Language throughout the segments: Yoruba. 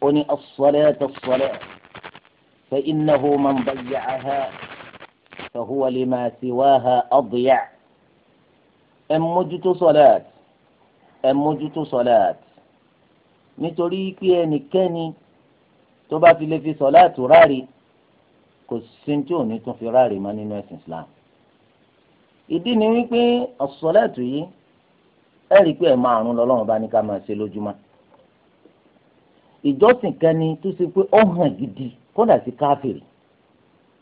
oni as-salatu as-salatu fa innahu man bayya'aha fa huwa lima siwaha adiya ẹ mójútó sọlẹt ẹ mójútó sọlẹt nítorí pé ẹnikẹ́ni tó bá ti lè fi sọlẹt rárí kò sí tí ò ní tún fi rárí mọ́ nínú Islam ìdí ni wípé as-salatu yìí ẹ rí i pé ẹ̀ márùn-ún lọ́lọ́run bá ní ìjọsìn kan ni tó ṣe pé ó hàn gidi kódà sí káfíìrì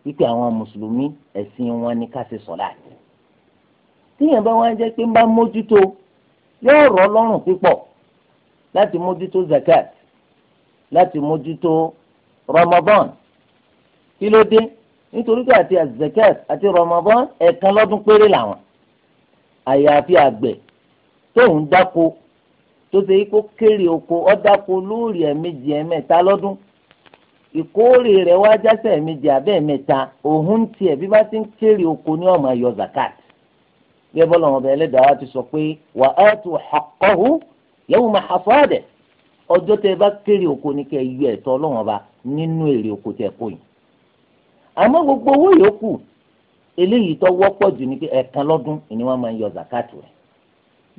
wípé àwọn mùsùlùmí ẹ̀sìn wọn ni ká ṣe sọ̀láàtì tíyẹn bá wọn jẹ́ pé ń bá mójútó yóò rọ̀ ọ́ lọ́rùn pípọ̀ láti mójútó zakat láti mójútó ramadan kí ló dé nítorí pé àti zakat àti ramadan ẹ̀ẹ̀kan lọ́dún péré làwọn àyàfi àgbẹ̀ tóun dáko tó ṣe kó kéré oko ọ̀dàpọ̀ lórí ẹ̀mejì ẹ̀mẹ́ta lọ́dún ìkórè rẹ̀ wá jásẹ̀ ẹ̀mejì abẹ́ ẹ̀mẹ́ta òun tiẹ̀ bí bá ti ń kéré oko ní ọ̀mọ̀ zakat bí ẹ bọ́lọ̀ wọn wa ti sọ pé wa atu haqqahu yawma hasadihi ọjọ́ tẹ bá kéré oko ní kẹ́ yọ ẹ̀tọ́ ba nínú èrè oko tẹ kó gbogbo owó yòókù eléyìí tó wọ́pọ̀ jù ní lọ́dún máa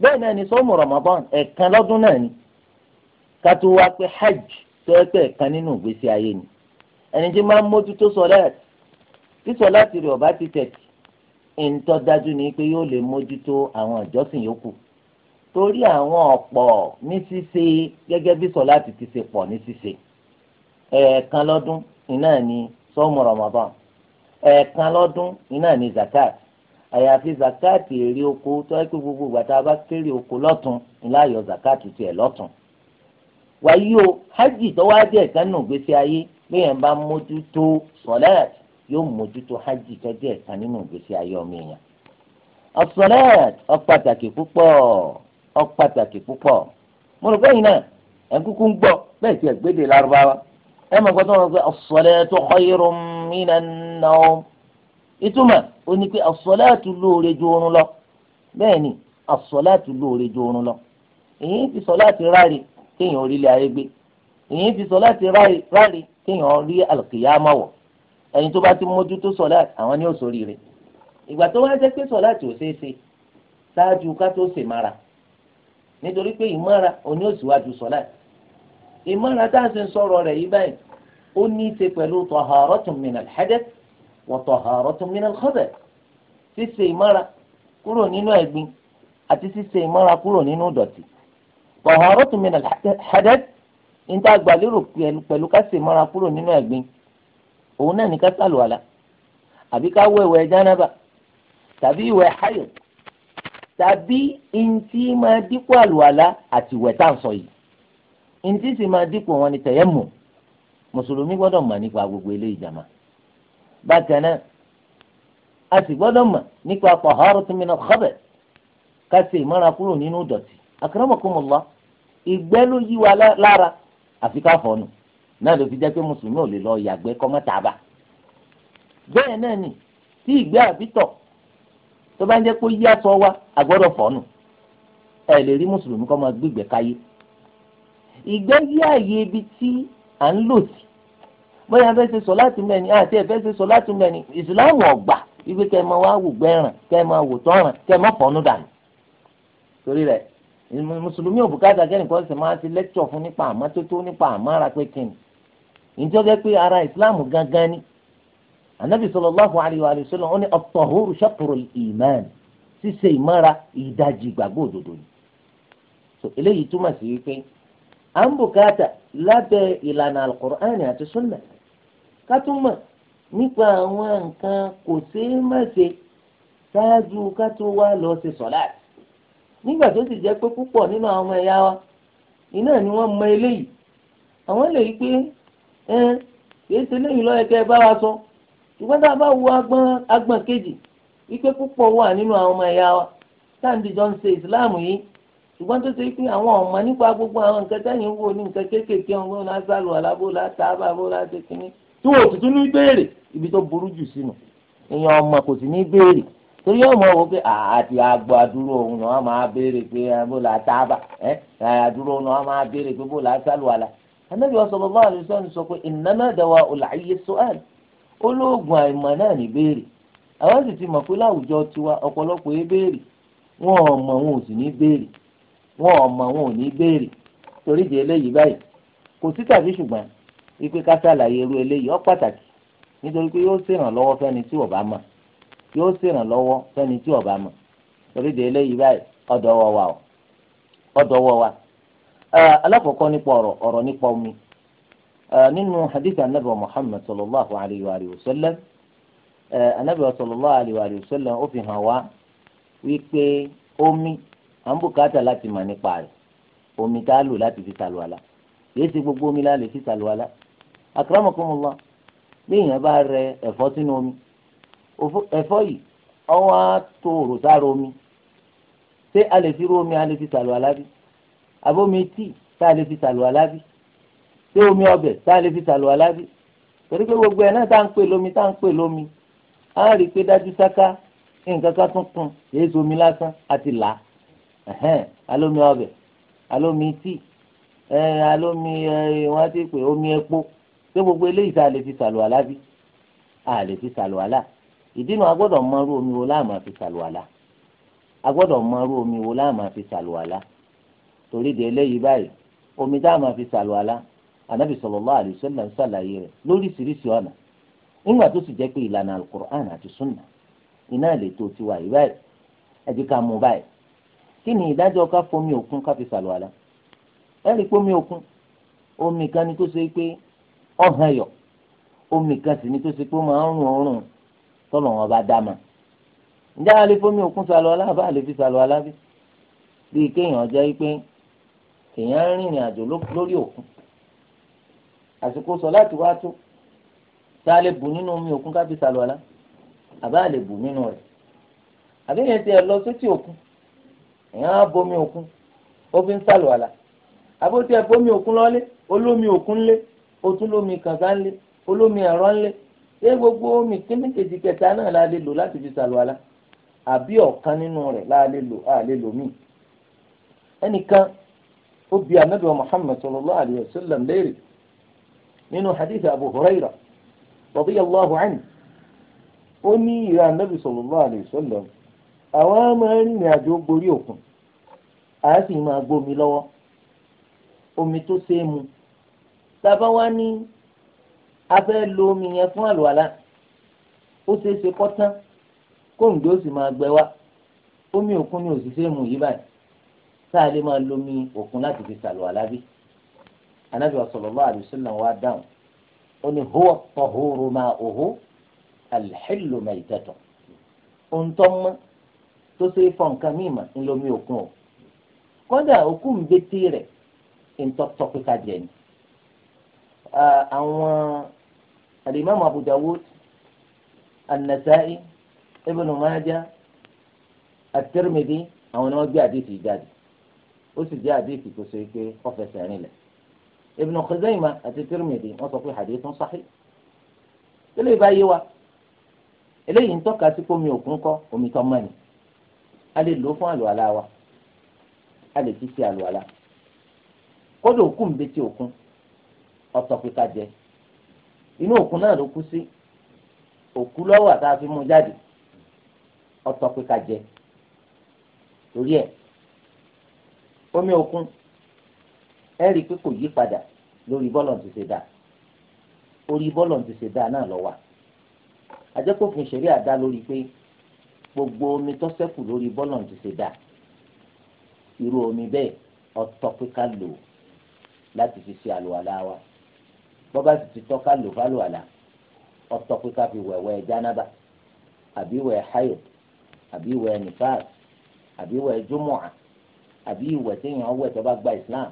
bẹ́ẹ̀ náà ni sọ́mù Ramadan ẹ̀kan lọ́dún náà ni kátó wá pé hajj tó ẹ pé ẹ̀kan nínú ìgbésí ayé ni ẹni tí máa ń mójútó sọláàtì tí sọláàtì rẹ̀ ọ̀bá ti tẹ̀tì ìǹtọ́ dájú ni pé yóò lè mójútó àwọn ìjọsìn yòókù torí àwọn ọ̀pọ̀ ní ṣíṣe gẹ́gẹ́ bí sọláàtì ti ṣe pọ̀ ní ṣíṣe ẹ̀ẹ̀kan lọ́dún iná ni sọ́mù Ramadan ẹ̀ẹ̀kan lọ́dún iná ni zakat àyàfi zakati èrè oko tó yẹ kó gbogbo ìgbà tá a bá kéré oko lọ́tún ńlá yọ zakati tiẹ̀ lọ́tún. wàyí o hajj tó wá jẹ́ ìkànnì ìgbésí ayé léèyàn bá mójútó sọ̀lẹ́t yóò mójútó hajj tó jẹ́ ìkànnì ìgbésí ayé ọmọ èèyàn. ọ̀sọ̀lẹ́t ọ̀pàtàkì púpọ̀ ọ̀pàtàkì púpọ̀ mo rò bẹ́yìn náà ẹ̀ kúkú ń gbọ́ bẹ́ẹ̀ tiẹ̀ gbéde lárúbáwá ẹ̀ ó ní pé àsọláàtù lóore ju oorun lọ bẹ́ẹ̀ ni àsọláàtù lóore ju oorun lọ èyí fi sọláàtì ráre kéèyàn orílẹ̀ ayé gbé èyí fi sọláàtì ráre kéèyàn rí àlùkìyámà wọ̀ ẹni tó bá ti mójútó sọláàtì àwọn ni ó sórí rẹ̀ ìgbà tó wá jẹ́ pé sọláàtì ò ṣeé ṣe ṣáájú ká tó ṣèmára nítorí pé ìmára òní ò síwájú sọláàtì ìmára tá a ṣe ń sọ̀rọ̀ rẹ̀ yí báyìí ó ní í ṣe pẹ̀lú tọ̀hárọ́tùmínà hẹ́dẹ́tì wa taharatun min al-khabath ṣíṣe ìmọ́ra kúrò nínú ẹ̀gbin àti ṣíṣe ìmọ́ra kúrò nínú ìdọ̀tí taharatun min al-hadath níta gbàlérò pẹ̀lú ká ṣe ìmọ́ra kúrò nínú ẹ̀gbin òun náà ní ká ṣàlùwàlá àbí ká wẹ̀ ìwẹ̀ jánábà tàbí ìwẹ̀ háyò tàbí ntí máa dípò àlùwàlá àti ìwẹ̀ tá à ń sọ yìí ntí sì máa dípò wọn ni tẹ̀yẹ́mù mùsùlùmí gbọ́dọ̀ mọ̀ nípa gbogbo eléyìí jàmáà bákan a sì gbọ́dọ̀ mọ̀ nípa taharatu min al-khabath ká ṣe ìmọ́ra kúrò nínú ìdọ̀tí akramakumullah ìgbẹ́ ló yí wa lára àfi ká fọ̀nù náà ló fi jẹ́ pé mùsùlùmí ò lè lọ yàgbẹ́ kọ́mọ́tàbà bẹ́ẹ̀ náà ni tí ìgbẹ́ àbítọ̀ tó bá ń jẹ́ pé yí aṣọ wa àgbọ́dọ̀ lè rí mùsùlùmí bóyá fẹ́ ṣe sọ láti mẹ́ni àti ẹ̀fẹ́ ṣe sọ láti mẹ́ni ìsìláàmù ọ̀gbà ibi kẹ́ ẹ máa wá wò gbẹ́ràn kẹ́ ẹ wò tọ́ràn kẹ́ ẹ máa dànù. torí rẹ̀ mùsùlùmí ò bùkátà nìkan sì máa ti lẹ́kítọ̀ fún nípa àmọ́tótó nípa àmọ́ra pé ara ìsìláàmù gangan ni anabi sallallahu alayhi wa ó ní at ká tún mọ̀ nípa àwọn nǹkan kò ṣeé má ṣe ṣáájú ká wá lọ ṣe sọ̀láàtì nígbà tó sì jẹ́ pé púpọ̀ nínú àwọn ẹ̀yà wa iná ni wọ́n mọ eléyìí àwọn lè rí pé ẹ kìí ṣe eléyìí lọ́yẹ kẹ́ ẹ bá wa sọ ṣùgbọ́n tá a bá wo agbọ́n agbọ́n kejì wípé púpọ̀ wà nínú àwọn ọmọ ẹ̀yà wa táǹdì jọ ń ṣe ìsìláàmù yìí ṣùgbọ́n tó ṣe pé àwọn ọmọ nípa gbogbo àwọn nǹkan tẹ́yìn wò ní nǹkan kéékèèké ọ̀hún ló ń sálù alábó láti kínní tí wọn ò tuntun ní béèrè ibi tó burú jù sínú èèyàn ọmọ kò sì ní béèrè torí ọmọ wo pé àti agbo àdúró òun máa béèrè pé bó la a bá ẹ àdúró òun náà máa béèrè pé bó la sálùwàlà Ànábì sallallahu alaihi wasallam sọ pé innama dawa'ul 'ayyi olóògùn náà ní àwọn sì ti pé láwùjọ tiwa yẹn wọn wọn ò sì ní wọn wọn ò ní torí di eléyìí báyìí kò sí tàbí wípé ká ṣàlàyé irú eléyìí ó pàtàkì nítorí pé yóò ṣèrànlọ́wọ́ fẹ́ni tí ó bá mọ̀ yóò ṣèrànlọ́wọ́ fẹ́ni tí ó bá mọ̀ torí de eléyìí báyìí ọ̀dọ̀ wa ọ̀dọ̀ wọ wa alákọ̀ọ́kọ́ nípa ọ̀rọ̀ ọ̀rọ̀ nípa omi nínú hadith anabi muhammad sallallahu alayhi wa sallam anabi sallallahu alayhi wa sallam ó fi hàn wá wípé omi à ń bùkátà láti mà nípa rẹ̀ omi tá a lò láti fi ṣàlùwàlá kìí gbogbo omi la fi ṣàlùwàlá akramakumullah bí èèyàn bá rẹ ẹ̀fọ́ sínú omi ẹ̀fọ́ yìí ọwọ́ á tó òrò sára omi ṣé a lè fi rú omi a lè fi sàlù alábí àbómi tíì tá a lè fi sàlù alábí ṣé omi ọbẹ̀ tá a fi sàlù alábí torí pé gbogbo ẹ̀ náà tá à ń pè lómi tá à ń pè lómi á rí i pé dájú sáká nǹkan kan tún kún èyí omi lásán àti là alómi ọbẹ̀ alómi tíì alómi wọn ti omi epo ṣé gbogbo eléyìí tá a lè fi sàlùwàlá bí a lè fi sàlùwàlá ìdínà agbọ́dọ̀ mọrú omi wo láàmà fi sàlùwàlá agbọ́dọ̀ mọrú omi wo láàmà fi sàlùwàlá torí de eléyìí báyìí omi tá a máa fi sàlùwàlá anabi sallallahu alaihi wasallam ṣàlàyé rẹ̀ lóríṣiríṣi ọ̀nà nígbà tó sì jẹ́ pé ìlànà alukur'an àti sunna iná lè tó tiwa yìí báyìí ẹ ká mú báyìí kí ni ìdájọ́ ká fomi òkun ká fi sàlùwàlá ẹ rí i òkun omi kan ni tó ṣe pé ọ̀hán yọ omi kan sì ni tó ṣe pé ó máa ń rùn ọrùn tọ́lọ̀ wọn bá dá ma ǹjẹ́ a lè fomi òkun sàlọ́ aláàbá a lè fi sàlọ́ aláàbí bíi kéèyàn jẹ́ pé èèyàn ń rìnrìn àjò lórí òkun àsìkò sọ láti wá tó tá a lè bù nínú omi òkun ká fi sàlọ́ alá àbá lè bù nínú rẹ̀ àbí èèyàn ti ẹ̀ lọ sétí òkun èèyàn á bomi òkun ó fi ń sàlọ́ alá àbó tí ẹ bomi òkun lọ́lé olómi òkun lé o tún lómi kànga ńlẹ̀ olómi ẹ̀rọ ńlẹ̀ ṣé gbogbo omi kíní kejì kẹta náà la lè lò láti fi ṣàlùwàlá àbí ọ̀kan nínú rẹ̀ la lè lò a lè lò míì ẹnìkan ó bi anabi muhammed sallallahu alayhi wa sallam léèrè nínú hadith abu huraira radiyallahu anhu ó ní ìrẹ anabi sallallahu alayhi wa sallam àwọn máa ń rìnrìn gborí òkun àá sì máa gbómi lọ́wọ́ omi tó ṣeé tàbá wá ní abẹ́ lo omi yẹn fún àlùwàlá ó ṣeé ṣe kọ́ tán kóńgbé ó sì máa gbẹ wá omi òkun ni òṣìṣẹ́ mu yìí báyìí tá a lè máa lomi òkun láti fi ṣàlùwàlá bí anabi sallallahu alaihi wasallam wa dáhùn ó ní huwa tahuru ma'uhu al-hillu maytatuhu ohun tó mọ́ tó ṣe é fọ nǹkan míì mà ń lomi òkun o kódà òkú ń bẹ́tẹ̀ rẹ̀ ń tọ́ tọ́ pé ká ni àwọn alimami Abu Dawud An-Nasa'i Ibn Majah At-Tirmidhi àwọn ni wọ́n gbé àdìsí jáde ó sì jẹ́ àdìsí tó so pé ó fẹsẹ̀ rìn lẹ̀ Ibn Khuzaymah àti Tirmidhi wọ́n sọ pé hadithun sahih tẹ́lẹ̀ bá yé wa eléyìí ń tọ́ka sí omi òkun kọ́ omi tó mọ́ni a lè lò fún àlùwàlá wa a lè fi ṣe àlùwàlá kódà òkú ń betí òkun ọ̀tọ̀ pé ká jẹ inú òkun náà ló kú sí òkú lọ́wọ́ àti àfi mú jáde ọ̀tọ̀ pé ká jẹ torí ẹ̀ omi òkun ẹ rí i pé kò yí padà lórí bọ́ọ̀lù ti ṣe dáa orí bọ́ọ̀lù ti ṣe dáa náà ló wà àjẹkòfin àdá lórí pé gbogbo omi tó ṣẹ́kù lórí bọ́ọ̀lù ti ṣe dáa irú omi bẹ́ẹ̀ ọ̀tọ̀ pé lò láti fi ṣe àlùwàlá wa bọ́bá sì ti tọ́ka lò fálò àlà ọ̀tọ̀ pé ká fi wẹ̀wẹ̀ jánábà àbí wẹ̀ hayo àbí wẹ̀ nifas àbí wẹ̀ jumu'a àbí ìwẹ̀ téèyàn wẹ̀ tó bá gba islam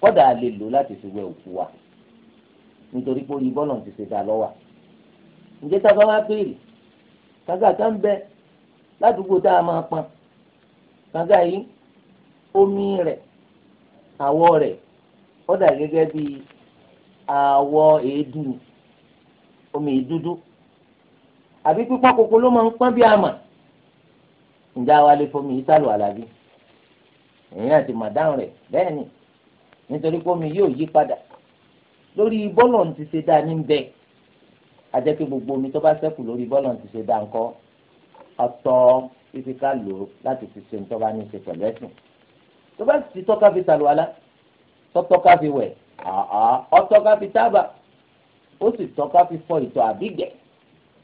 kódà a lè lò láti fi wẹ̀ òkú wa nítorí pé orí bọ́ọ̀lù ti ṣe dá lọ́wọ́ ǹjẹ́ tábà wá béèrè kàgà tá ń bẹ ládùúgbò tá a máa pọn kàgà yìí omi rẹ̀ àwọ̀ rẹ̀ ó gẹ́gẹ́ bíi àwọ̀ èédú ni omi ìdúdú àbí pípọ́ koko ló máa ń pọ́n bí àmà ǹjẹ́ àwa lè fomi yìí sálò àlàbí èyí àti màdáhùn rẹ̀ bẹ́ẹ̀ ni nítorí pé omi yóò yí padà lórí bọ́lọ̀ ń ti ṣe dáa ní bẹ́ẹ̀ ajẹ́ pé gbogbo omi tó bá ṣẹ́kù lórí bọ́lọ̀ ń ti ṣe dáa ńkọ́ ọ̀tọ̀ fífi ká lò ó láti fi ṣe ń tọ́ bá ní ṣe pẹ̀lú ẹ̀sìn tó bá ti tọ́ka fi sàlùwàlá tọ́tọ́ka fi wẹ̀ ọtọ́ ah, ah. ká fi tábà ó sì tọ́ ká fi fọ ìtọ̀ àbígbẹ́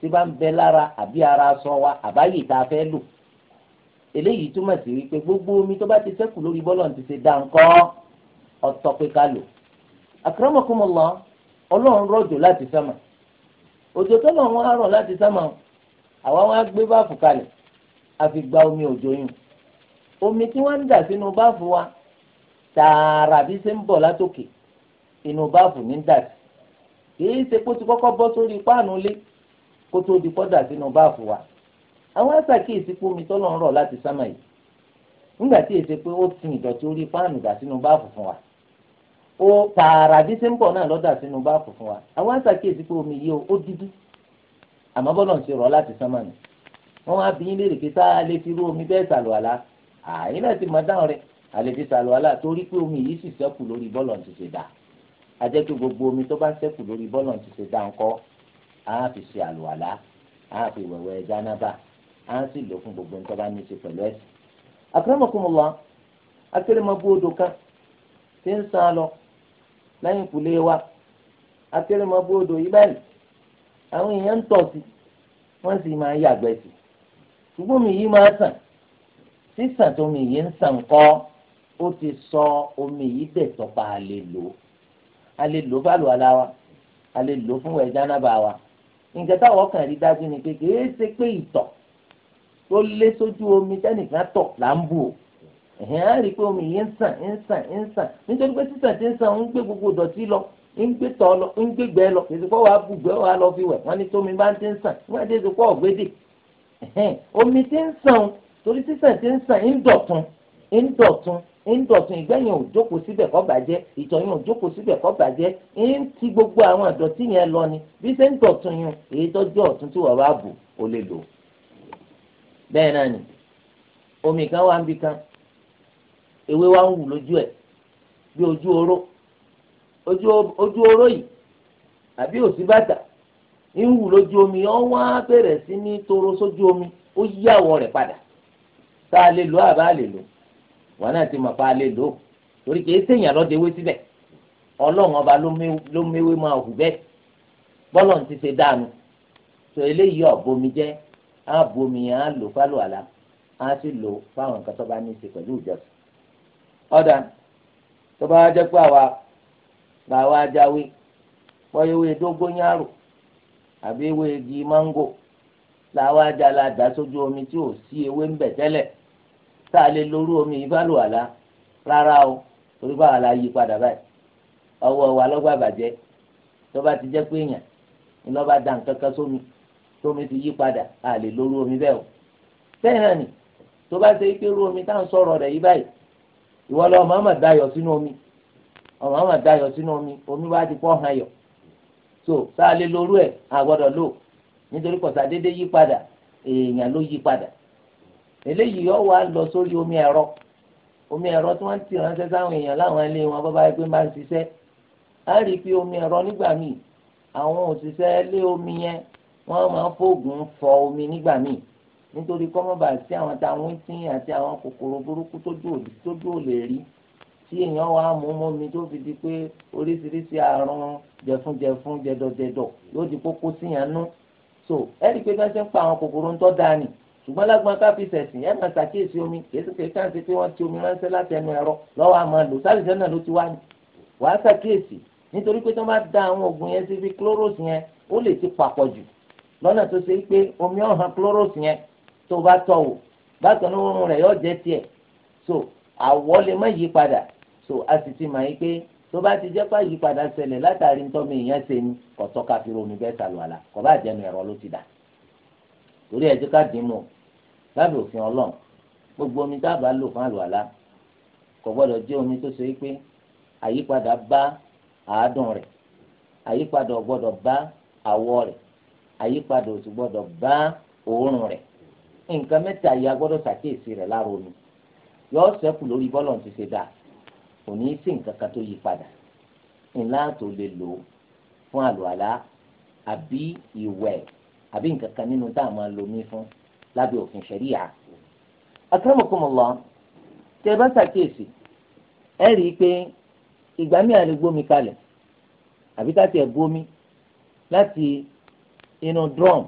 tí bá ń bẹ lára àbí ara sọ wa àbáyé tá a fẹ́ lò eléyìí túmọ̀ sí wípé gbogbo omi tó bá ti ṣẹ́kù lórí bọ́lọ̀ ti ṣe dá nǹkan ọtọ́ pé ká lò akramakumullah ọlọ́run rọ̀jò láti sánmà òjò tọ́lọ̀ wọn á rọ̀ láti sánmà àwa wọn á gbé báàfù kalẹ̀ àfi gba omi òjò yìí omi tí wọ́n ń dà sínú báàfù wa tààrà ṣe ń bọ̀ látòkè inú báàfù ní dàsí kìí ṣe kó ti kọ́kọ́ bọ́ sórí páànù lé kó tó di sínú wa àwọn àṣàkíyèsí pé omi tọ́lọ̀ ń rọ̀ láti sámà yìí èsè pé ó ti ìdọ̀tí orí páànù dà sínú báàfù fún wa ó tààrà bí ṣe náà lọ́dà sínú fún wa àwọn àṣàkíyèsí omi yìí ó àmọ́ bọ́lọ̀ ń ṣe rọ̀ láti sámà ni wọ́n wá omi bẹ́ẹ̀ sàlù àlá ti mọ̀ dáhùn rẹ̀ a omi yìí sì sẹ́kù lórí bọ́lọ̀ ajẹ́ kí gbogbo omi tó bá ṣẹ́kù lórí bọ́ọ̀lù ti ṣe dá ńkọ́ á fi ṣe àlùwàlá á fi wẹ̀wẹ̀ jánábà á sì lò fún gbogbo nǹkan bá ní í ṣe pẹ̀lú ẹ̀sìn. àkàràmọ̀kùnmọ̀lá akérèmọ́bù odò kan ti ń san lọ lẹ́yìn ìkùlé wa akérèmọ́bù odò yìí báyìí àwọn èèyàn ń tọ̀ sí wọ́n sì máa yàgbẹ́ sí ṣùgbọ́n mi yìí máa sàn sísàn tó mi yìí ń sàn kọ́ ó ti sọ omi yìí dẹ̀ tọ́pa lè lò ó a lè lò fún àlùwàlá wa a lè lò fún wẹ̀ jánábà wa nǹkan táwọn kan rí dájú ni pé kìí ṣe pé ìtọ̀ tó lé sójú omi tẹ́nìkan tọ̀ là ń bù ó ẹ̀hìn á rí i pé omi yìí ń sàn ń sàn ń sàn nítorí pé sísàn ti ń sàn ń gbé gbogbo ìdọ̀tí lọ ń gbé tọ̀ lọ ń gbé gbẹ́ lọ èsì pọ̀ wàá bùgbẹ́ wàá lọ fi wẹ̀ wọ́n ní tómi bá ń ti ń sàn wọ́n ti èsì pọ̀ ọ̀gbẹ́dì omi ti ń sàn torí sísàn ti ń sàn ń dọ̀tun ń dọ̀tun ń dọ̀tún ìgbẹ́yìn ò jókòó síbẹ̀ kọ́ bàjẹ́ ìtọ̀yìn ò jókòó síbẹ̀ kọ́ bàjẹ́ ń ti gbogbo àwọn àdọ̀tí yẹn lọ ni bí ṣe ń dọ̀tún yun èyí tọ́jú ọ̀tún tí wàá bá bù ó lè lò. bẹ́ẹ̀ náà ni omi kan wá ń bi kan ewé wá ń wù lójú ẹ̀ bí ojú oró ojú oró yìí àbí òsínbàtà ń wù lójú omi ọ̀ wá bẹ̀rẹ̀ sí ní toro sójú omi ó yí àwọ̀ rẹ̀ padà tá a lè lò àbá lè lò wọn náà ti mọ̀ pa alẹ́ lò ó torí kìí sèyàn lọ́dẹ ewé síbẹ̀ ọlọ́run ọba ló méwé máa hù bẹ́ẹ̀ bọ́lọ̀ ti ṣe dànù tó eléyìí ọ̀bomi jẹ́ á bomi yẹn á lò fálò àlá á sì lò fáwọn nǹkan tó bá ní í ṣe pẹ̀lú ìjọsìn. ọ̀dà tó bá jẹ́ pé àwa làwa jáwé bọ́yọ̀ ewé dógóyàrò àbí ewé igi máńgò làwa jà la sójú omi tí ò sí ewé ń bẹ̀ tẹ́lẹ̀ tá a lè lorú omi ìbálòwàlá rárá o torí báwa la yí padà báyìí ọwọ́ wa lọ́gbà bàjẹ́ tó bá ti jẹ́ pé èèyàn ni lọ́ba da nǹkan kan sómi tómi ti yí padà a lè lorú omi bẹ́ẹ̀ o bẹ́ẹ̀ náà ni tó bá ṣe pé irú omi tá à ń sọ̀rọ̀ rẹ̀ yí báyìí ìwọ lọ ọmọ ọmọ dayọ̀ sínú omi ọmọ ọmọ dayọ̀ sínú omi omi wa ti pọ̀ hàn yọ̀ so tá a lè lorú ẹ̀ àgbọ́dọ̀ lò nítorí kọ̀sádédé yí padà èèyàn ló yí padà eléyìí yóò wá lọ sórí omi ẹ̀rọ omi ẹ̀rọ tí wọ́n ti ránṣẹ́ sáwọn èèyàn láwọn ilé wọn bọ́ bá yẹ pé máa ń ṣiṣẹ́ á rí i pé omi ẹ̀rọ nígbà míì àwọn òṣìṣẹ́ lé omi yẹn wọ́n máa ń fògùn fọ omi nígbà míì nítorí kọ́mọ́bà sí àwọn táwọn tí àti àwọn kòkòrò burúkú tó dúró lè rí tí èèyàn wá mú mọ́mi tó fi di pé oríṣiríṣi àrùn jẹ̀funjẹ̀fun jẹ̀dọ̀jẹ̀dọ̀ yóò di kókó síyàn nú so ẹ rí i pé bí ṣe ń pa àwọn kòkòrò ń tọ́ da nì ṣùgbọ́n lágbọ́n ká fi sẹ̀sìn ẹ̀ máa ṣàkíyèsí omi kìí ká ṣe pé wọ́n ti omi ránṣẹ́ láti ẹnu ẹ̀rọ lọ́wọ́ àmọ́ lò sálìsẹ́ náà ló ti wá ní. wàá ṣàkíyèsí nítorí pé tó bá da àwọn oògùn yẹn sí bí chloros yẹn ó lè ti papọ̀ jù lọ́nà tó ṣe pé omi ọ̀hán chloros yẹn tó bá tọ̀ wò bákan náà oorun rẹ̀ yóò jẹ́ tiẹ̀ so àwọ̀ lè má yí padà so a sì ti mọ̀ pé tó bá ti jẹ́ pá yí padà ṣẹlẹ̀ látàrí ntọ́mi ìyẹn ṣe ni kọ̀tọ́ káfíńrọ̀ omi bẹ́ẹ̀ ṣàlùwàlà kọ̀ bá jẹ́nu ẹ̀rọ ló ti dà torí ẹ̀jẹ̀ ká dín mọ́ lábẹ́ òfin ọlọ́run gbogbo omi tá a bá lò fún àlùwàlá kò gbọ́dọ̀ jẹ́ omi tó ṣe pé àyípadà bá àádùn rẹ̀ àyípadà ò bá àwọ̀ rẹ̀ àyípadà ò sì bá òórùn rẹ̀ nǹkan mẹ́ta yìí a gbọ́dọ̀ ṣàkíyèsí rẹ̀ lára omi yóò ṣẹ́kù lórí bọ́lọ̀ ti ṣe dáa kò ní í sí nǹkan kan tó yí padà ńlá tó lè lò fún àlùwàlá àbí ìwẹ̀ àbí nǹkan kan nínú tá a máa lo omi fún lábẹ́ òfin ṣẹ̀ríyà. akramakumullah tẹ bá ṣàkíyèsí ẹ rí i pé ìgbà míì àlè gbómi kalẹ̀ àbí ká tiẹ̀ gbómi láti inú drum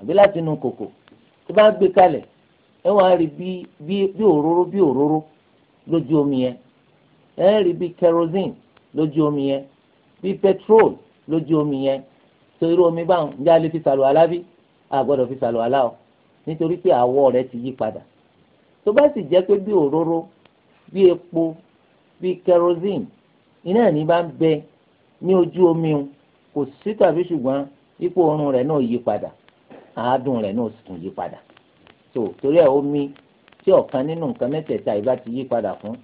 àbí láti inú kòkò tó bá gbé kalẹ̀ ẹ wọ́n á rí bí òróró bí òróró lójú omi yẹn ẹ rí bí kerosene lójú omi yẹn bí petrol lójú omi yẹn tó omi báwọn ǹjẹ́ a lè fi sàlùwàlá bí a fi sàlùwàlá o nítorí pé àwọ̀ rẹ̀ ti yí padà tó bá sì jẹ́ pé bí òróró bí epo bí kerosene iná ní bá ń bẹ ní ojú omi o kò sí tàbí ṣùgbọ́n ipò oorun rẹ̀ náà yí padà àádùn rẹ̀ náà sì tún yí padà tó torí ẹ̀ omi tí ọ̀kan nínú nǹkan mẹ́tẹ̀ẹ̀ta ìbá ti yí padà fún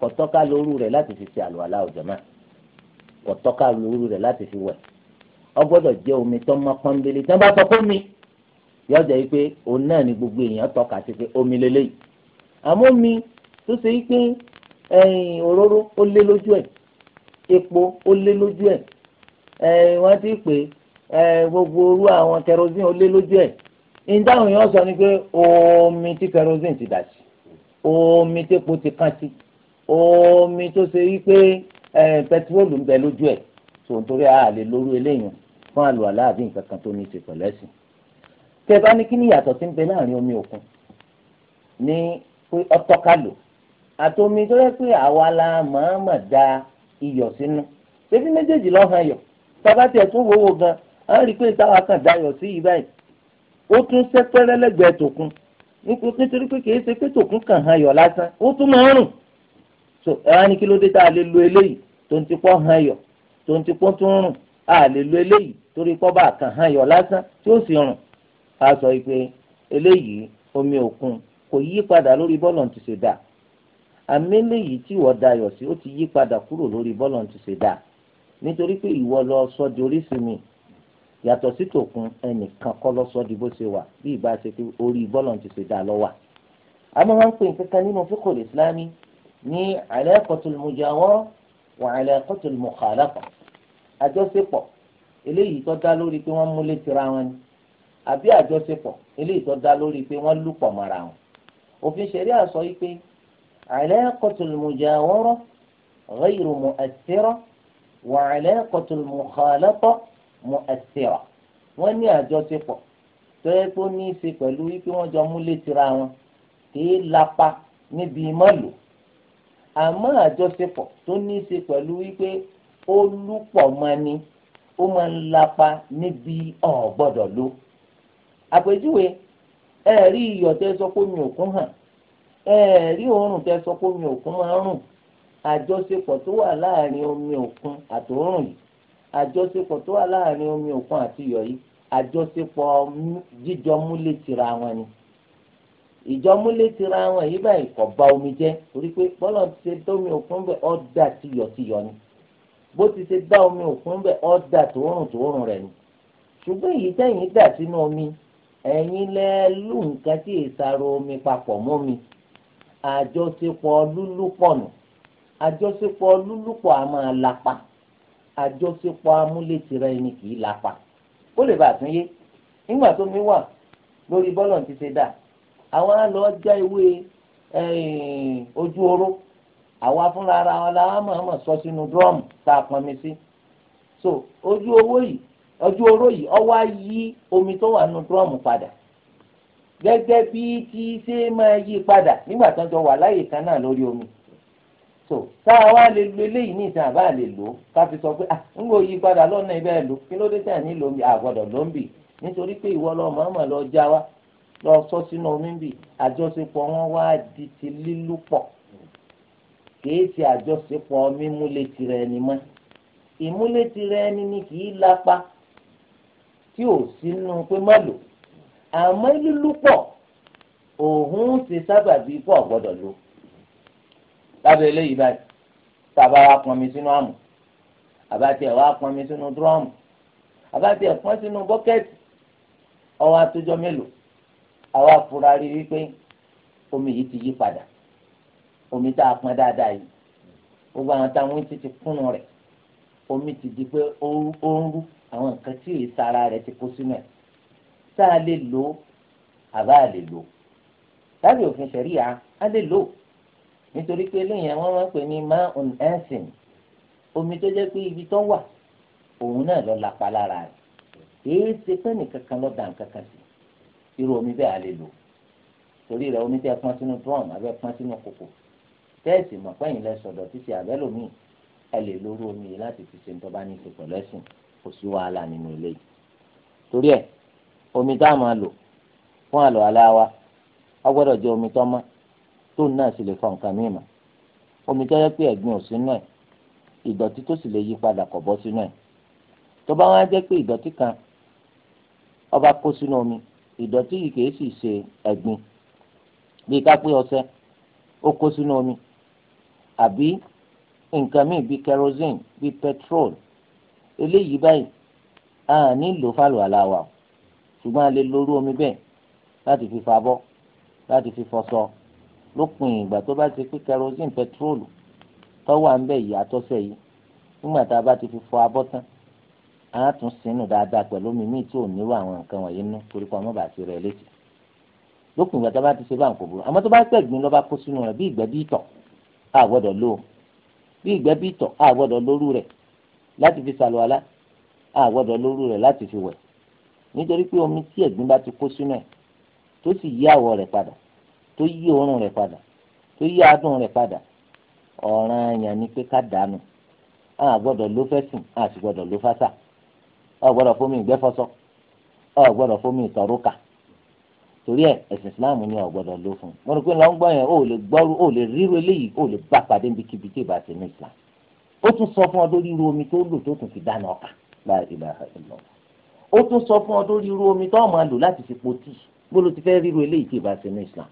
kọ̀tọ́ká lóru rẹ̀ láti fi ṣe àlùwàlá òjọ̀mọ́ kọ̀tọ́ká lóru rẹ̀ láti fi wẹ̀ ọ gbọ́dọ̀ jẹ́ omi tó mọ́ pọ́nbélé tí wọ́n bá sọ fún mi yóò jẹ́ pé òun náà ni gbogbo èèyàn tọ́ka sí pé omi lélẹ́yìí àmọ́ omi tó ṣe pé òróró ó lé lójú ẹ̀ epo ó lé lójú ẹ̀ wọ́n ti pè gbogbo orú àwọn kerosene ó lé lójú ẹ̀ ìdáhùn yẹn sọ ni pé omi tí kerosene ti dà sí omi tí epo ti kàn sí omi tó ṣe wípé pẹtiróòlù ń bẹ lójú ẹ̀ tòun torí a lórí eléyìí fún àlùwàlá àbí nǹkan kan tó ní í tẹ bá ní kí ni ìyàtọ̀ sí ń bẹ láàrin omi òkun ní pé at'omi àti omi tó yẹ pé àwa la màámà da iyọ̀ sínú ṣébí méjèèjì lọ́hàn yọ̀ bàbá tiẹ̀ tún gan rí i pé táwa kan dayọ̀ sí yìí báyìí ó tún sẹ́pẹ́rẹ́ lẹ́gbẹ̀ẹ́ tòkun nítorí pé kìí ṣe pé tòkun kàn hàn yọ̀ lásán ó tún máa so ẹ wá ní kí ló a lè lo eléyìí tó ń ti pọ́ hàn yọ̀ tó ń ti pọ́ tún rùn a lè lo eléyìí torí pọ́ bá kàn hàn yọ̀ a sọ pé eléyìí omi òkun kò yí padà lórí bọ́ọ̀lù ti ṣe dà àmì eléyìí tí ìwọ dayọ̀ sí ó ti yí padà kúrò lórí bọ́ọ̀lù ti ṣe dà nítorí pé ìwọ lọ sọ di orísun mi yàtọ̀ sí tòkun ẹnìkan kọ́ lọ sọ di bó ṣe wà bí ìbá ṣe pé orí bọ́ọ̀lù ti ṣe dà lọ wà. àmọ́ wọn ń pè kankan nínú fíkò ìsìlámì ní alaqatul mujawara wa alaqatul mukhalaqa àjọṣepọ̀ eléyìí àbí àjọṣepọ̀ eléyìí tó dá lórí pé wọ́n lù pọ̀ mọ́ra wọn. òfin ṣẹ̀rí àsọ yìí pé alaqatul mujawara ghayru mu'athira wa alaqatul mukhalata mu'athira. wọ́n ní àjọṣepọ̀ tó yẹ kó ní í ṣe pẹ̀lú wípé wọ́n jọ múlé tira wọn kìí lapa níbi mọ́lù àmọ́ àjọṣepọ̀ tó ní í ṣe pẹ̀lú wípé ó lù pọ̀ mọ́ni ó máa ń lapa níbi ọ̀gbọ́dọ̀ ló. Oh, àpèjúwe ẹ rí iyọ̀ tẹ́ sọ pé omi òkun hàn ẹ rí òórùn tẹ́ sọ pé omi òkun máa ń rùn àjọṣepọ̀ tó wà láàrin omi òkun àtòórùn yìí àjọṣepọ̀ tó wà láàrin omi òkun àti iyọ̀ yìí àjọṣepọ̀ jíjọmúlé tira wọn ni ìjọmúlé tira wọn yìí báyìí kò bà omi jẹ́ torí pé bọ́lọ̀ ti ṣe dómi òkun bẹ́ẹ̀ ọ́ dà tiyọ̀tiyọ̀ ni bó ti ṣe dá omi òkun bẹ́ẹ̀ ọ́ tòórùn tòórùn rẹ̀ ni ṣùgbọ́n èyí tẹ̀yìn dà sínú omi ẹ̀yin lẹ lù nǹkan tí ìsàrò omi papọ̀ mọ́ mi àjọṣepọ̀ lúlúpọ̀ nù àjọṣepọ̀ lúlúpọ̀ a máa lapa àjọṣepọ̀ amúlétìrẹ ni kì í lapa ó lè bàa tún yé nígbà tó mi wà lórí bọ́lọ̀ ti ṣe dà àwọn àlọ́ já ewé eh, ojú oró àwa fúnra ara wa la wá mọ̀ sọ sínú dúrọ́ọ̀mù tá a pọnmi sí so ojú owó yìí ọjọ́ oró yìí ọwọ́ á yí omi tó wà nínú dúrọ́ọ̀mù padà gẹ́gẹ́ bí tí ṣe máa yí padà nígbà tó ń jọ wà láyè kan náà lórí omi so tá a wá lè lo eléyìí ní ìtàn àbá lè lò ó ká fi sọ pé ah ń gbọ́ yí padà lọ́nà ibẹ̀ lò kí ló dé tàn ní lòmbi àgbọ̀dọ̀ lòmbi nítorí pé ìwọ lọ màmá lọ já wa lọ sọ sínú omi bì àjọṣepọ̀ wọn wá di ti lílù pọ̀ kìí ṣe àjọṣepọ̀ mímúlẹ̀ tirẹ̀ ni mọ́ ìmúlẹ̀ tirẹ̀ ni ni kìí lapa tí ò sínú pé má lò àmọ́ lílù pọ̀ òun ṣe sábà bí pọ̀ gbọ́dọ̀ lò lábẹ́ eléyìí báyìí tàbá wa pọnmi sínú àmù àbátí ẹ̀ wá pọnmi sínú dúrọ́ọ̀mù àbátí ẹ̀ pọ́n sínú bọ́kẹ́tì ọwọ́ àtúnjọ mélòó àwa fura rí wípé omi yìí ti yí padà omi tá a pọn dáadáa yìí gbogbo àwọn táwọn ti ti kúnnù rẹ̀ omi ti di pé ó ń rú àwọn nǹkan tí èyí sára rẹ̀ ti kó sínú ẹ̀ tá a lè lò àbá a lè lò lábẹ́ òfin ṣẹ̀ríà a lè lò nítorí pé lẹ́yìn àwọn máa ń pè ní máa ń ẹ́sìn omi tó jẹ́ pé ibi tó wà òun náà lọ lápá lára rẹ̀ èyí ṣe pé nìkan kan lọ́ọ́ sí irú omi bẹ́ẹ̀ a lè lò torí rẹ̀ omi tẹ́ pọ́n sínú drum abẹ́ pọ́n sínú kòkò tẹ́ẹ̀sì mọ̀ lẹ́sọ̀dọ̀ títí abẹ́lòmíì ẹ lè lórú omi yìí láti fi ṣe ń tọ́ bá ní í ṣe kò sí wàhálà nínú ilé yìí torí ẹ̀ omi tá a máa lò fún àlọ́ aláwa a gbọ́dọ̀ jẹ́ omi tó mọ́ tóun náà sì lè fọ nǹkan míì mọ́ omi tó yẹ pé ẹ̀gbin ò sínú ẹ̀ ìdọ̀tí tó sì lè yí padà kọ̀ bọ́ sínú ẹ̀ tó bá wá jẹ́ pé ìdọ̀tí kan ọba kó sínú omi ìdọ̀tí yìí kìí sì ṣe ẹ̀gbin bíi ká pé ọṣẹ ó kó sínú omi àbí nǹkan míì bíi kerosene bíi petrol eléyìí báyìí a nílò fàlù aláwa ṣùgbọ́n a lè lórí omi bẹ́ẹ̀ láti fi fabọ́ láti fi fọṣọ lópin ìgbà tó bá ti pé kerosene pẹtrólù tọ́wọ́ à ń bẹ̀ yìí àtọ́sẹ̀ yìí nígbà tá a bá ti fi fọ abọ́ tán a tún sínú dáadáa pẹ̀lú omi míì tí ò nírú àwọn nǹkan wọ̀nyí nú torí pa ọmọ bàtí rẹ̀ létí lópin ìgbà tó bá ti ṣe bá burú àmọ́ tó bá pẹ̀ gbin lọ́ba kó sínú rẹ̀ bí ìgbẹ́ bí ìtọ̀ a gbọ́dọ̀ bí ìgbẹ́ bí ìtọ̀ a gbọ́dọ̀ rẹ̀ láti fi ṣàlùwàlá a gbọ́dọ̀ lóru rẹ̀ láti fi wẹ̀ nítorí pé omi tí ẹ̀gbin bá ti kó sínú ẹ̀ tó sì yí àwọ̀ rẹ̀ padà tó yí òórùn rẹ̀ padà tó yí adùn rẹ̀ padà ọ̀ràn àyàn ni pé ká dànù a gbọ́dọ̀ ló fẹ́sìn a sì gbọ́dọ̀ ló fásà a gbọ́dọ̀ fómi ìgbẹ́fọ́sọ a gbọ́dọ̀ fómi ìtọ̀rọ̀kà torí ẹ ẹ̀sìn islam ni ọ gbọ́dọ̀ ló fún un mo rò pé lọ ń gbọ́ yẹn o lè gbọrú o lè ríru eléyìí o lè bá pàdé níbikíbi tí ì bá ti ní islam ó tún sọ fún ọ lórí irú omi tó lò tó tún fi dáná ọkà la ilaha illallah ó tún sọ fún ọ lórí irú omi tó máa lò láti fi po tíì gbọ́dọ̀ ti fẹ́ ríru eléyìí tí ì bá ṣe ní Islam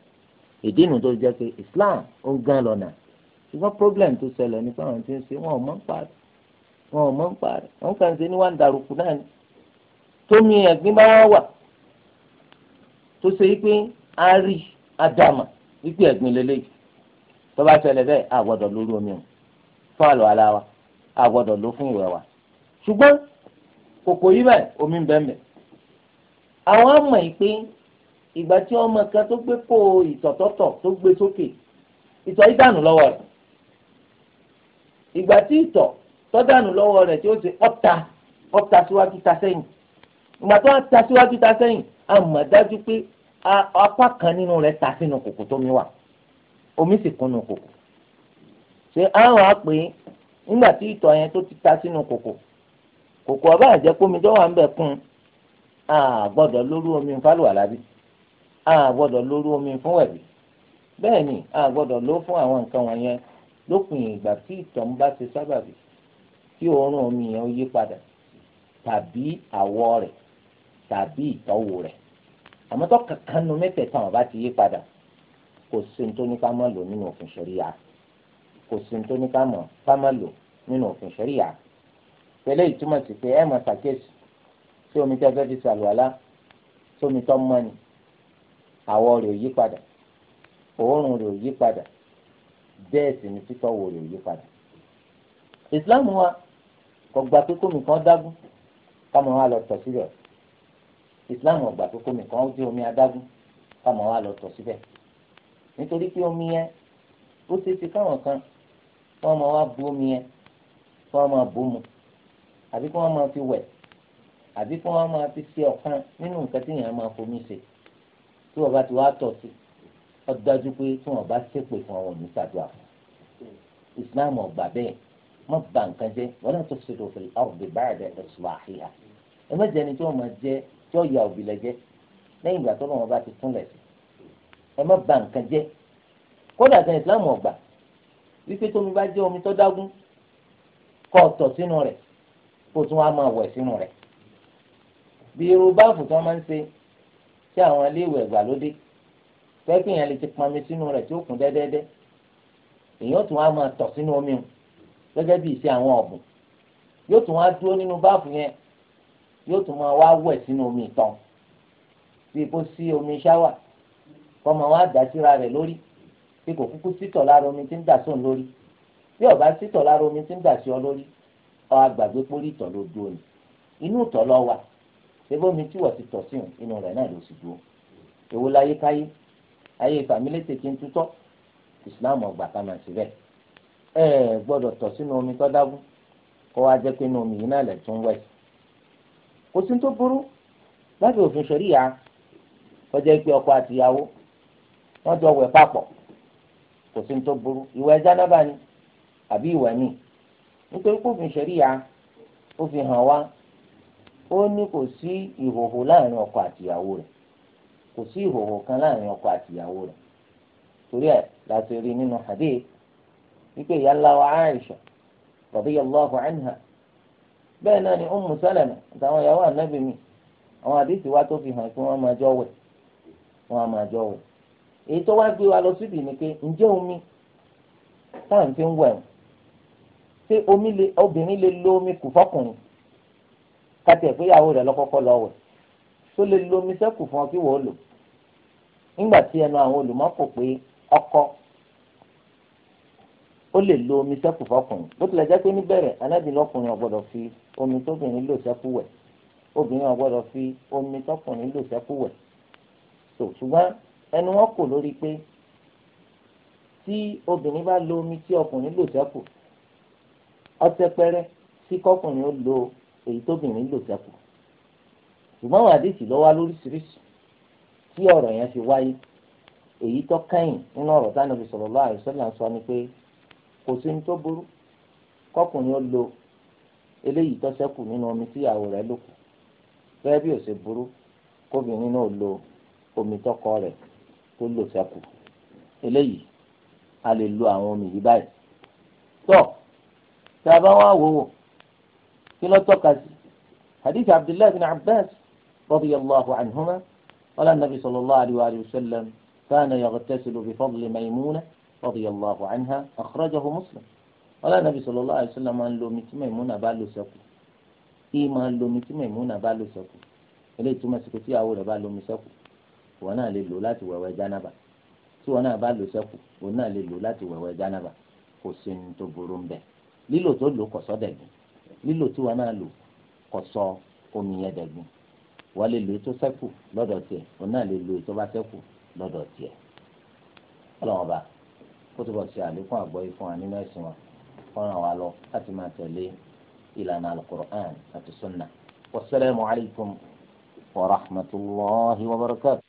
èdè inú tó jẹ́ pé Islam ó ń gán lọ́nà ṣùgbọ́n problem tó ṣẹlẹ̀ nípa àwọn tí ń ṣe wọn ò mọ̀ ń parí wọn ò mọ̀ ń parí wọn kàn ṣe ní wà darúkú náà ni tómi ẹ̀gbín bá wá wà tó ṣe pé a rí adama wípé ẹ̀gbín lélẹ́yìí tó bá ṣẹlẹ̀ bẹ́ẹ̀ àgbọ̀dọ̀ lórí omi ọ̀hún fún àlùwàlá wa a gbọ́dọ̀ lò fún ìwẹ̀ wa ṣùgbọ́n kòkò yìí báyìí omi ń bẹ́ẹ̀ mẹ́ àwọn àmọ̀ yìí pé ìgbà tí ọmọ kan tó gbé kó ìtọ̀tọ̀tọ̀ tó gbé sókè ìtọ̀ yìí dànù lọ́wọ́ rẹ̀ ìgbà tí ìtọ̀ tó dànù lọ́wọ́ rẹ̀ tí ó ṣe ọ̀ta ọ̀ta síwájú ta sẹ́yìn ìgbà tó ta síwájú ta sẹ́yìn a mọ̀ dájú pé apá kan nínú rẹ̀ ta sínú kòkò tó mi wà omi sì kúnnú kòkò ṣé àwọn àpè nígbà tí ìtọ̀ yẹn tó ti ta sínú kòkò kòkò ọba àjẹ kómi tó wà ń bẹ̀ kún a gbọ́dọ̀ lórí omi ń fálùwà lábí a gbọ́dọ̀ lórí omi fún wẹ̀bí bẹ́ẹ̀ ni a gbọ́dọ̀ ló fún àwọn nǹkan wọ̀nyẹn lópin ìgbà tí ìtọ̀ ń bá ṣe sábàbí tí òórùn omi yẹn ó yí padà tàbí àwọ̀ rẹ̀ tàbí ìtọ́wò rẹ̀ àmọ́ tó mẹ́tẹ̀ẹ̀ta wọn bá ti yí padà kò sí ní tó ní ká má lò nínú òfin ṣẹ̀ríya kò sí tó ní ká mọ̀ ká má lò nínú òfin ṣẹ́ríyà pẹ̀lú ìtumọ̀ sí pé ẹ mọ̀ ṣàkíyèsí tí omi tẹ́ fẹ́ fi ṣàlùwàlá tí omi tọ́ mọ́ ni àwọ̀ rẹ̀ ò yí padà òórùn rẹ̀ ò yí padà bẹ́ẹ̀ sì ni títọ́wò rẹ̀ yí padà ìsìláàmù wa kò gbà pé kómi kan dágún káwọn wa lọ tọ̀ síbẹ̀ ìsìláàmù ò pé kómi kan ó jẹ́ omi adágún káwọn wa lọ tọ̀ síbẹ̀ nítorí pé omi yẹn ó ṣeé ṣe káwọn kan wọ́n máa wá bu omi yẹn kí wọ́n máa bò mu àbí kí wọ́n máa fi wẹ̀ àbí kí wọ́n máa fi ṣe ọ̀kan nínú nǹkan tí èèyàn máa fomi ṣe tí wọ́n bá ti wá tọ̀ sí ọ dájú pé tí wọ́n bá ṣépè fún àwọn òní ṣàdúrà fún ìsìláàmù ọ̀gbà bẹ́ẹ̀ má ba nǹkan jẹ́ wọ́n náà tó ṣe tó fèrè báyìí bẹ́ẹ̀ ẹ̀sùn àhíhà ẹ má jẹ́ ni tí wọ́n máa jẹ́ tí ọ̀yà òbí lẹ jẹ́ lẹ́yìn ìgbà tó lọ́wọ́ bá ti túnlẹ̀ sí ẹ má ba nǹkan jẹ́ kódà gan ìsìláàmù ọ̀gbà wípé tómi bá jẹ́ omi tó dágún kọ́ ọ̀tọ̀ sínú rẹ̀ kó tún wá máa wẹ̀ sínú rẹ̀ bí irú báàfù tí wọ́n máa ń ṣe sí àwọn ilé ìwẹ̀ ìgbàlódé pẹ́ẹ́kì yẹn lè ti pọnmi sínú rẹ̀ tí ó kún dẹ́dẹ́dẹ́ èèyàn tún wá máa tọ̀ sínú omi gẹ́gẹ́ bí ìṣe àwọn ọ̀bùn yóò tún wá dúró nínú báàfù yẹn yóò tún máa wá wẹ̀ sínú omi ìtàn bí kò sí omi ṣáwà kọ́ máa wá dá síra rẹ̀ lórí pé kò kúkú sítọ̀ lára omi tí ń dà sóun lórí bí ọba sítọ̀ lára omi tí ń dà ọ lórí ọ àgbàgbé pórí ìtọ̀ ló dúró ni inú ìtọ̀ lọ wà ṣébó omi tí wọ́n ti tọ̀ sí òun inú rẹ̀ náà ló sì dúró èwo láyé káyé ayé fàmílétè kí n omi tó dágún kó omi yìí náà lẹ̀ tún wẹ̀ kò sí tó burú lábẹ́ òfin kọjá ọkọ àtìyàwó wọ́n jọ wẹ̀ papọ̀ kò sí ní tó burú ìwẹ̀ jánábà ni àbí ìwẹ̀ ni nítorí pé òfin ṣẹ̀ríya ó fi hàn wá ó ní kò sí ìhòhò láàrin ọkọ àtìyàwó rẹ kò sí ìhòhò kan láàrin ọkọ àtìyàwó rẹ torí ẹ láti rí nínú hadith wípé ìyá ńlá wa Aisha radiyallahu anha bẹ́ẹ̀ náà ni Ummu Salama àtàwọn ìyàwó ànábì àwọn àdìsí wa tó fi hàn pé wọ́n máa jọ wẹ̀ wọ́n máa jọ wẹ̀ èyí tó wá gbé wa lọ síbi ni pé ǹjẹ́ omi táwọn fi ń wẹ̀ ọ́n ṣé omi lè obìnrin lè lo omi kù fọkùnrin kàtẹ́ ìgbéyàwó rẹ̀ lọ́kọ́kọ́ lọ wẹ̀ tó lè lo omi sẹ́kù fún ọ kí wọ́n lò nígbà tí ẹnu àwọn olùmọ́kò pé ọkọ ó lè lo omi sẹ́kù fọkùnrin bó tilẹ̀ jẹ́ pé níbẹ̀rẹ̀ anábìlọ́kùnrin ò fi omi tóbìnrin lò sẹ́kù wẹ̀ obìnrin ò fi omi tọkùnrin lò sẹ́kù wẹ̀ tó ṣùgbọ́n ẹnu wọn kò lórí pé tí obìnrin bá lo omi tí ọkùnrin lò sẹ́kù ọtẹ pẹrẹ tí kọkùnrin ó lo èyí tóbìnrin lò sẹ́kù ṣùgbọ́n àwọn àdéhìí ló wá lóríṣiríṣi tí ọ̀rọ̀ yẹn fi wáyé èyí tó kẹ́yìn nínú ọ̀rọ̀ tí Ànábì sallallahu alaihi wasallam sọ ni pé kò sí ní tó burú kọkùnrin ó lo eléyìí tó sẹ́kù nínú omi tíyàwó rẹ̀ lò kù bẹ́ẹ̀ bí ò ṣe burú kóbìnrin náà lo omi tọkọ rẹ̀ tó lò sẹ́kù eléyìí a lè lo àwọn omi yìí báyìí tó tí a bá wá wò ó kí ló tọ́ka sí hadith abdullahi bin abbas rabi radiyallahu anhuma wala nabi sallallahu alayhi wa sallam kana yaghtasilu bi fadli rabi radiyallahu anha akhrajahu muslim wala nabi sallallahu alayhi wa sallam an ń lo omi tí maymuna bá lò sẹ́kù kí máa lo omi tí maymuna bá lò sẹ́kù eléyìí túmọ̀ sí pé tíyàwó rẹ̀ bá lo omi sẹ́kù wọn náà lè lò láti wẹ̀wẹ̀ jánaba tí wọn náà bá lò sẹ́kù wọn náà lè lò láti wẹ̀wẹ̀ jánaba kò sí ní tó burú mbẹ lílò tó lò kọsọ dẹgbin lílò tí wọn náà lò kọsọ omi yẹn dẹgbin wọn lè lò ètò sẹ́kù lọ́dọ̀ tiẹ̀ wọn náà lè lò ètò bá sẹ́kù lọ́dọ̀ tiẹ̀ ọlọ́wọ́n kó tó bọ̀ sí àlékún àgbọ́yé fún wa nínú ẹ̀sìn wa fọ́nrán wa lọ láti máa tẹ̀lé ìlànà alukur'an àti sunna wasalaamu wa rahmatulahi wa barakatu.